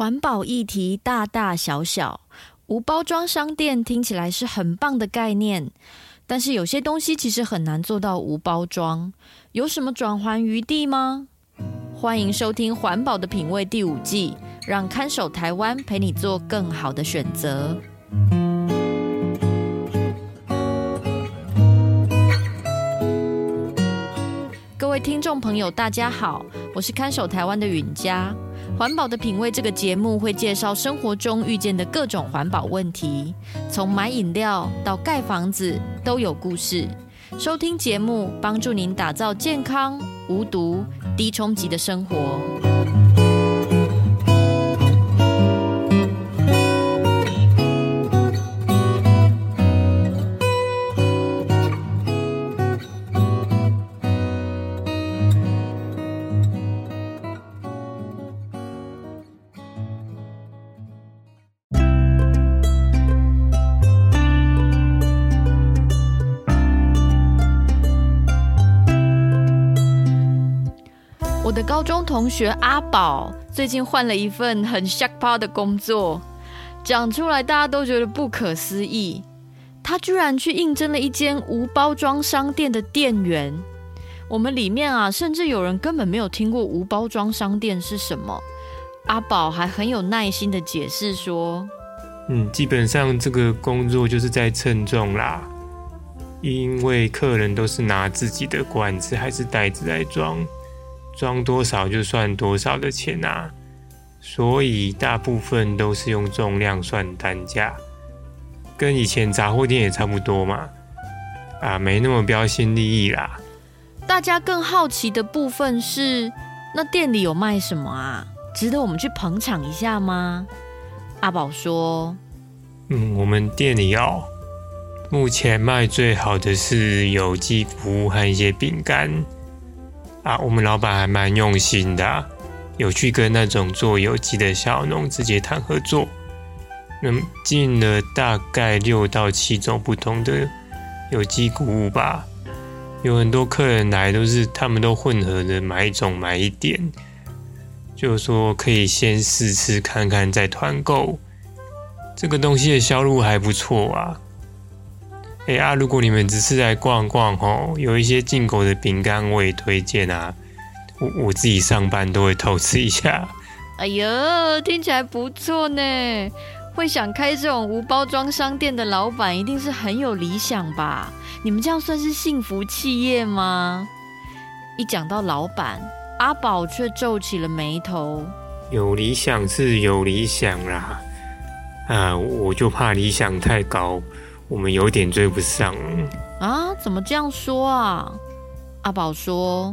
環保議題大大小小，無包裝商店聽起來是很棒的概念，但是有些東西其實很難做到無包裝，有什麼轉圜餘地嗎？歡迎收聽《環保的品味》第五季，讓看守台灣陪你做更好的選擇。各位聽眾朋友，大家好，我是看守台灣的允嘉。環保的品味這個節目會介紹生活中遇見的各種環保問題，從買飲料到蓋房子都有故事。收聽節目，幫助您打造健康、無毒、低衝擊的生活。我的高中同學阿寶最近換了一份很蝦趴的工作，講出來大家都覺得不可思議。他居然去應徵了一間無包裝商店的店員。我們裡面啊，甚至有人根本沒有聽過無包裝商店是什麼。阿寶還很有耐心的解釋說：“嗯，基本上這個工作就是在稱重啦，因為客人都是拿自己的罐子還是袋子來裝。”裝多少就算多少的錢啊，所以大部分都是用重量算單價，跟以前雜貨店也差不多嘛。啊，沒那麼標新立異啦。大家更好奇的部分是，那店裡有賣什麼啊？值得我們去捧場一下嗎？阿寶說：嗯，我們店裡哦，目前賣最好的是有機服務和一些餅乾。啊，我們老闆還蠻用心的，啊，有去跟那種做有機的小農直接談合作，能進了大概六到七種不同的有機穀物吧。有很多客人來都是，他們都混合著買一種買一點，就是說可以先試吃看看再團購。這個東西的銷路還不錯啊。哎呀、欸啊，如果你們只是來逛逛哦、喔，有一些進口的餅乾我也推薦啊。我我自己上班都會偷吃一下。哎呦，聽起來不錯呢。會想開這種無包裝商店的老板，一定是很有理想吧？你們這樣算是幸福企業嗎？一講到老板，阿寶卻皺起了眉頭。有理想是有理想啦，啊、呃，我就怕理想太高。我們有點追不上啊。怎麼這樣說啊？阿寶說：“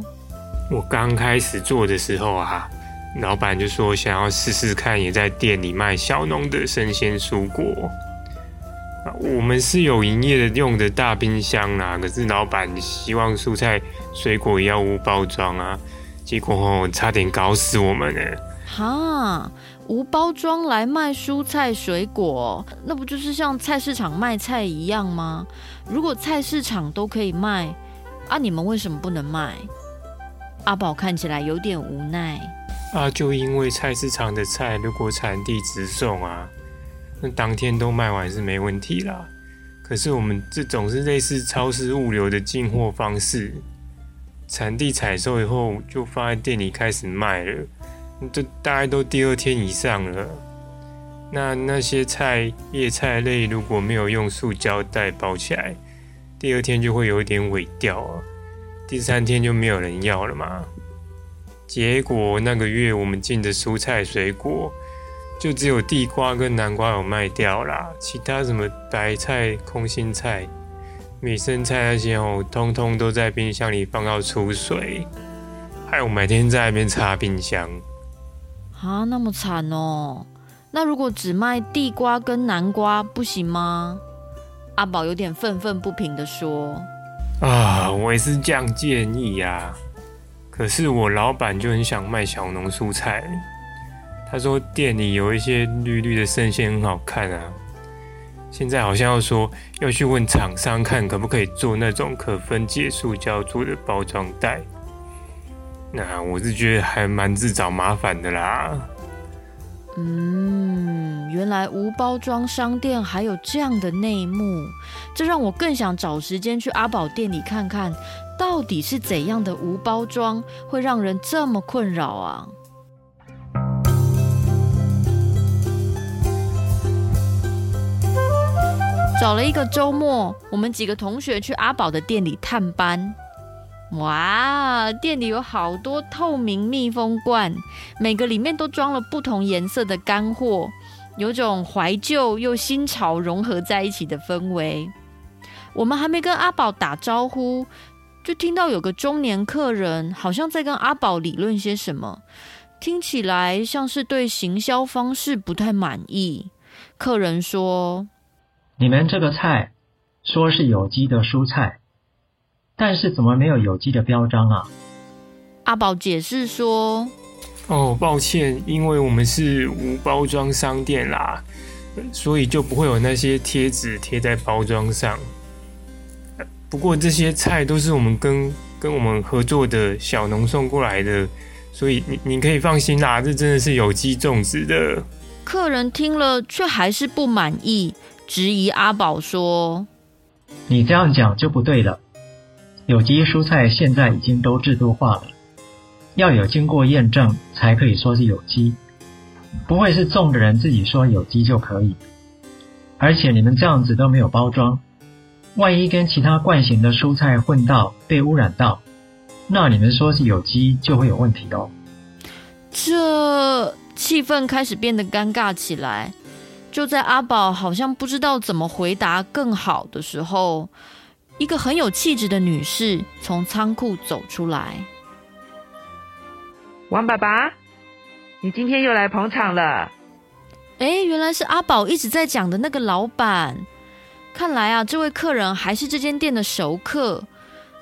我剛開始做的時候啊，老闆就說想要試試看，也在店裡賣小農的生鮮蔬果。我們是有營業的用的大冰箱啊，可是老闆希望蔬菜水果要無包裝啊，結果、哦、差點搞死我們了。”哈。無包裝來賣蔬菜水果，那不就是像菜市場賣菜一樣嗎？如果菜市場都可以賣，啊，你們為什麼不能賣？阿寶看起來有點無奈。啊，就因為菜市場的菜如果產地直送啊，那當天都賣完是沒問題啦。可是我們這種是類似超市物流的進貨方式，產地採收以後就放在店裡開始賣了。這大概都第二天以上了，那那些菜、葉菜類如果沒有用塑膠袋包起來，第二天就會有一點萎掉啊，第三天就沒有人要了嘛。結果那個月我們進的蔬菜水果，就只有地瓜跟南瓜有賣掉啦，其他什麼白菜、空心菜、美生菜那些哦，通通都在冰箱裡放到出水，害我每天在那邊擦冰箱。啊，那麼慘哦、喔！那如果只賣地瓜跟南瓜不行嗎？阿寶有點憤憤不平的說。啊，我也是這樣建議呀、啊，可是我老闆就很想賣小農蔬菜。他說店裡有一些綠綠的生鮮很好看啊，現在好像要說要去問廠商看可不可以做那種可分解塑膠做的包裝袋。那我是覺得還蠻自找麻煩的啦。嗯，原來無包裝商店還有這樣的內幕，這讓我更想找時間去阿寶店裡看看，到底是怎樣的無包裝會讓人這麼困擾啊？找了一個周末，我們幾個同學去阿寶的店裡探班。哇，店裡有好多透明密封罐，每個裡面都裝了不同顏色的乾貨，有種懷舊又新潮融合在一起的氛圍。我們還沒跟阿寶打招呼，就聽到有個中年客人好像在跟阿寶理論些什麼，聽起來像是對行銷方式不太滿意。客人說：“你們這個菜說是有機的蔬菜。”但是怎麼沒有有機的標章啊？阿寶解釋說：“哦，抱歉，因為我們是無包裝商店啦，所以就不會有那些貼紙貼在包裝上。不過這些菜都是我們跟跟我們合作的小農送過來的，所以你你可以放心啦，這真的是有機種植的。”客人聽了卻還是不滿意，質疑阿寶說：“你這樣講就不對了。”有機蔬菜現在已經都制度化了，要有經過驗證才可以說是有機，不會是種的人自己說有機就可以。而且你們這樣子都沒有包裝，萬一跟其他慣行的蔬菜混到被污染到，那你們說是有機就會有問題哦。這氣氛開始變得尷尬起來，就在阿寶好像不知道怎麼回答更好的時候。一個很有氣質的女士從倉庫走出來。王爸爸，你今天又來捧場了。哎，原來是阿寶一直在講的那個老板。看來啊，這位客人還是這間店的熟客。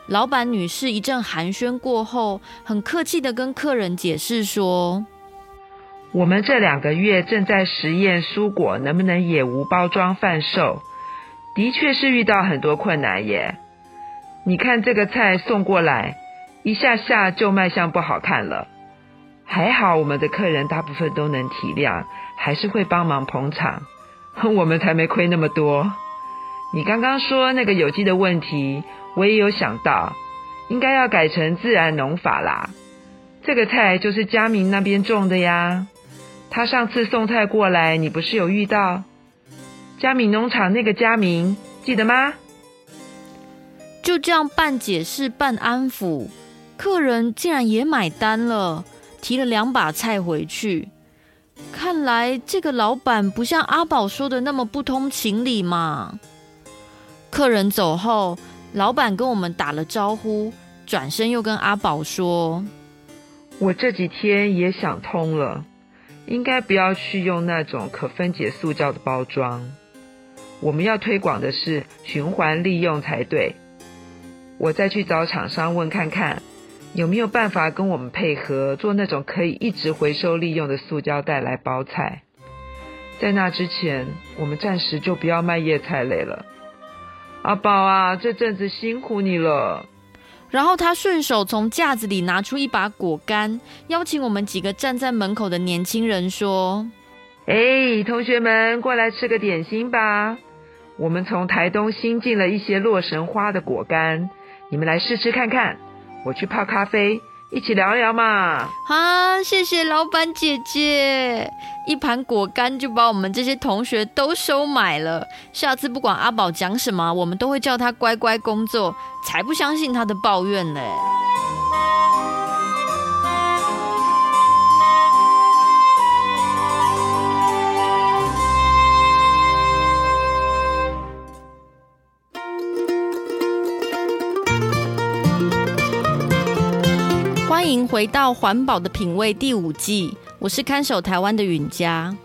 老板女士一陣寒暄過後，很客氣的跟客人解釋說：我們這兩個月正在實驗蔬果能不能也無包裝販售。的確是遇到很多困難耶，你看這個菜送過來，一下下就賣相不好看了。還好我們的客人大部分都能體諒，還是會幫忙捧場，我們才沒虧那麼多。你剛剛說那個有機的問題，我也有想到，應該要改成自然農法啦。這個菜就是嘉明那邊種的呀，他上次送菜過來，你不是有遇到？嘉明農場那個嘉明記得嗎？就這樣半解釋半安撫，客人竟然也買單了，提了兩把菜回去。看來這個老闆不像阿寶說的那麼不通情理嘛。客人走後，老闆跟我們打了招呼，轉身又跟阿寶說：“我這幾天也想通了，應該不要去用那種可分解塑膠的包裝。”我們要推廣的是循環利用才對。我再去找廠商問看看，有沒有辦法跟我們配合做那種可以一直回收利用的塑膠袋來包菜。在那之前，我們暫時就不要賣葉菜類了。阿寶啊，這陣子辛苦你了。然後他順手從架子裡拿出一把果乾，邀請我們幾個站在門口的年輕人說：“哎，同學們，過來吃個點心吧。”我們從台東新進了一些洛神花的果乾，你們來試吃看看。我去泡咖啡，一起聊一聊嘛。啊，謝謝老闆姐姐，一盤果乾就把我們這些同學都收買了。下次不管阿寶講什麼，我們都會叫他乖乖工作，才不相信他的抱怨呢。歡迎回到《環保的品味》第五季，我是看守台灣的允嘉。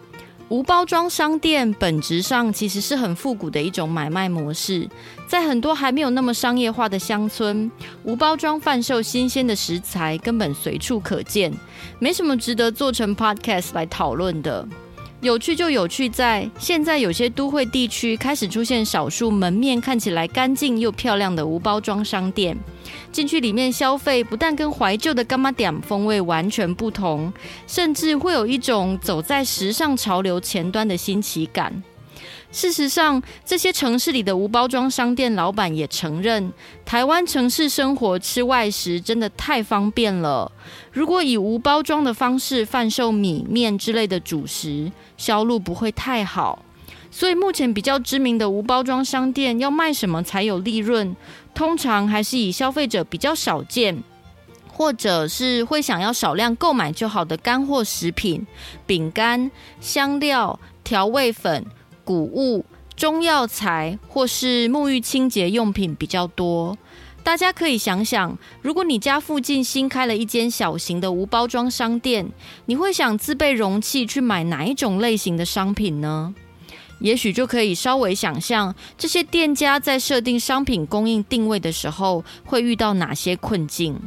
無包裝商店本質上其實是很複古的一種買賣模式，在很多還沒有那麼商業化的鄉村，無包裝販售新鮮的食材根本隨處可見，沒什麼值得做成 podcast 來討論的。有趣就有趣在，現在有些都會地區開始出現少數門面看起來乾淨又漂亮的無包裝商店，進去裡面消費，不但跟懷舊的柑仔店風味完全不同，甚至會有一種走在時尚潮流前端的新奇感。事實上，這些城市裡的無包裝商店老闆也承認，台灣城市生活吃外食真的太方便了。如果以無包裝的方式販售米、麵之類的主食，銷路不會太好。所以目前比較知名的無包裝商店要賣什麼才有利潤，通常還是以消費者比較少見，或者是會想要少量購買就好的乾貨食品、餅乾、香料、調味粉。穀物、中藥材或是沐浴清潔用品比較多。大家可以想想，如果你家附近新開了一間小型的無包裝商店，你會想自備容器去買哪一種類型的商品呢？也許就可以稍微想象這些店家在設定商品供應定位的時候，會遇到哪些困境。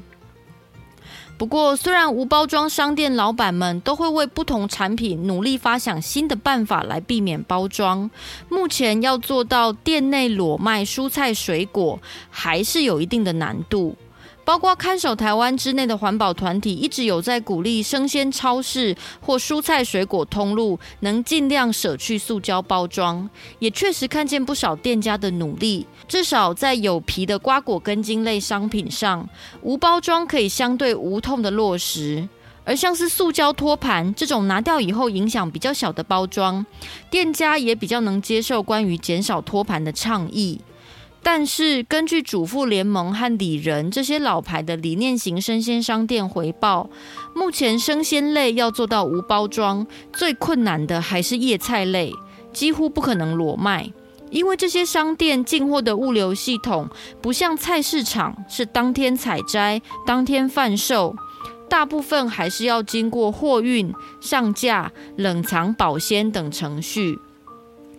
不過，雖然無包裝商店老板們都會為不同產品努力發想新的辦法來避免包裝，目前要做到店內裸賣蔬菜水果，還是有一定的難度。包括看守台灣之內的環保團體，一直有在鼓勵生鮮超市或蔬菜水果通路能盡量捨去塑膠包裝，也確實看見不少店家的努力。至少在有皮的瓜果根莖類商品上，無包裝可以相對無痛的落實；而像是塑膠托盤這種拿掉以後影響比較小的包裝，店家也比較能接受關於減少托盤的倡議。但是，根據主婦聯盟和里仁這些老牌的理念型生鮮商店回報，目前生鮮類要做到無包裝，最困難的還是葉菜類，幾乎不可能裸賣，因為這些商店進貨的物流系統不像菜市場，是當天採摘、當天販售，大部分還是要經過貨運、上架、冷藏保鮮等程序。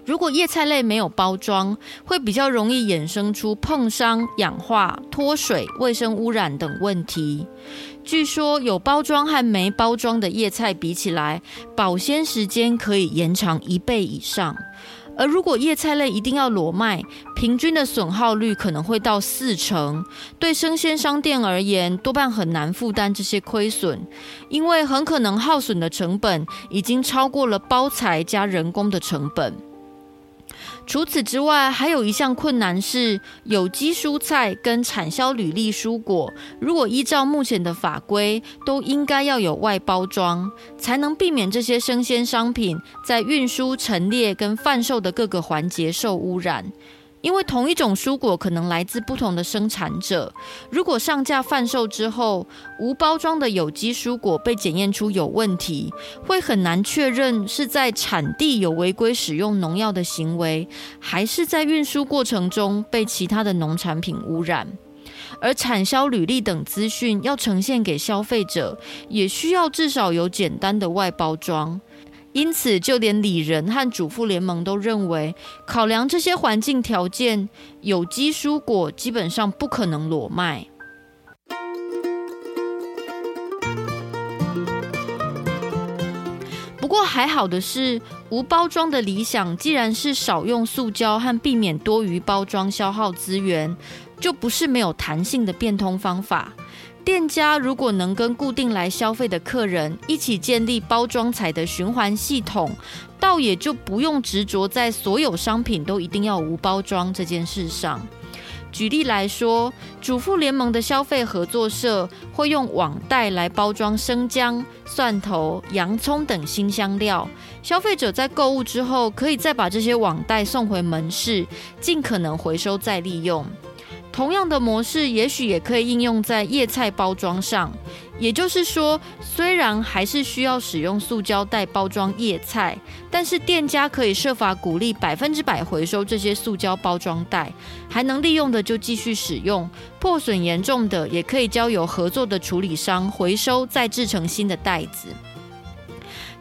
如果葉菜類沒有包裝，會比較容易衍生出碰傷、氧化、脫水、衛生污染等問題。據說有包裝和沒包裝的葉菜比起來，保鮮時間可以延長一倍以上。而如果葉菜類一定要裸賣，平均的損耗率可能會到四成。對生鮮商店而言，多半很難負擔這些虧損，因為很可能耗損的成本已經超過了包材加人工的成本。除此之外，還有一項困難是，有機蔬菜跟產銷履歷蔬果，如果依照目前的法規，都應該要有外包裝，才能避免這些生鮮商品在運輸、陳列跟販售的各個環節受污染。因為同一種蔬果可能來自不同的生產者，如果上架販售之後，無包裝的有機蔬果被檢驗出有問題，會很難確認是在產地有違規使用農藥的行為，還是在運輸過程中被其他的農產品污染。而產銷履歷等資訊要呈現給消費者，也需要至少有簡單的外包裝。因此，就連里仁和主婦聯盟都認為，考量這些環境條件，有機蔬果基本上不可能裸賣。不過還好的是，無包裝的理想既然是少用塑膠和避免多餘包裝消耗資源，就不是沒有彈性的變通方法。店家如果能跟固定來消費的客人一起建立包裝材的循環系統，倒也就不用執着在所有商品都一定要無包裝這件事上。舉例來說，主婦聯盟的消費合作社會用網袋來包裝生薑、蒜頭、洋蔥等辛香料，消費者在購物之後可以再把這些網袋送回門市，盡可能回收再利用。同樣的模式，也許也可以應用在葉菜包裝上。也就是說，雖然還是需要使用塑膠袋包裝葉菜，但是店家可以設法鼓勵百分之百回收這些塑膠包裝袋，還能利用的就繼續使用，破損嚴重的也可以交由合作的處理商回收，再制成新的袋子。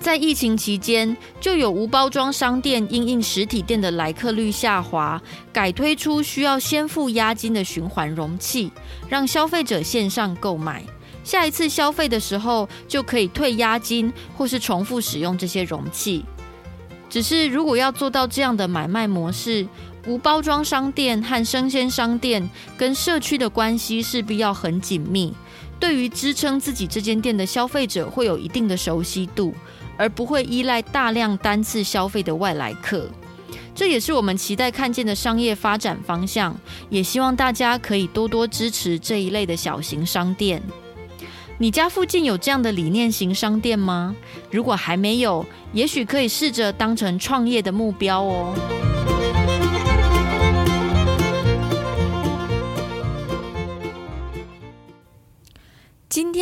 在疫情期間，就有無包裝商店因應實體店的來客率下滑，改推出需要先付押金的循環容器，讓消費者線上購買，下一次消費的時候就可以退押金或是重複使用這些容器。只是如果要做到這樣的買賣模式，無包裝商店和生鮮商店跟社區的關係勢必要很緊密，對於支撐自己這間店的消費者會有一定的熟悉度。而不會依賴大量單次消費的外來客，這也是我們期待看見的商業發展方向。也希望大家可以多多支持這一類的小型商店。你家附近有這樣的理念型商店嗎？如果還沒有，也許可以試着當成創業的目標哦。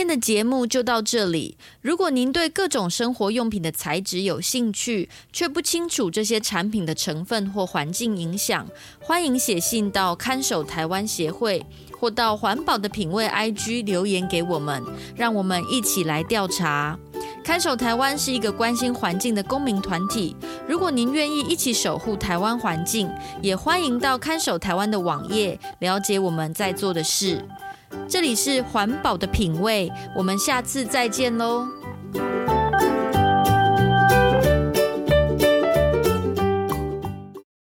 今天的節目就到這裡。如果您對各種生活用品的材質有興趣，卻不清楚這些產品的成分或環境影響，歡迎寫信到看守台灣協會，或到環保的品味 IG 留言給我們，讓我們一起來調查。看守台灣是一個關心環境的公民團體。如果您願意一起守護台灣環境，也歡迎到看守台灣的網頁了解我們在做的事。這裡是環保的品味，我們下次再見嘍。